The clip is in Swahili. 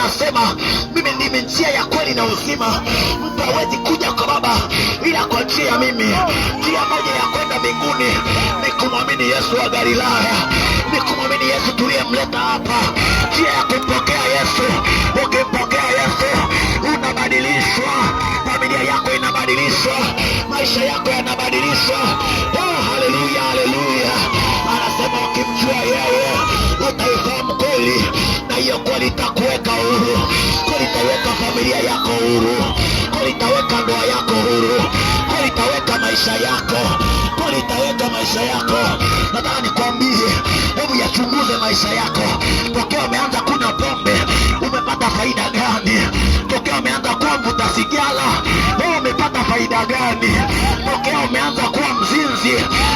anasema mimi ndimi njia ya kweli na uzima, mtu hawezi kuja kwa Baba ila kwa njia ya mimi. Njia moja ya kwenda mbinguni ni kumwamini Yesu wa Galilaya, ni kumwamini Yesu tuliyemleta hapa. Njia ya kumpokea Yesu, ukimpokea Yesu unabadilishwa, familia yako inabadilishwa, maisha yako yanabadilishwa. Oh, haleluya, haleluya! Anasema ukimjua yeye utaifahamu kweli na hiyo kweli huru, kulitaweka familia yako huru, kulitaweka ndoa yako huru, kulitaweka maisha yako, kulitaweka maisha yako. Nataka nikwambie, hebu yachunguze maisha yako. Tokea umeanza kunywa pombe, umepata faida gani? Tokea umeanza kuwa mvuta sigara, wewe umepata faida gani? Tokea umeanza kuwa mzinzi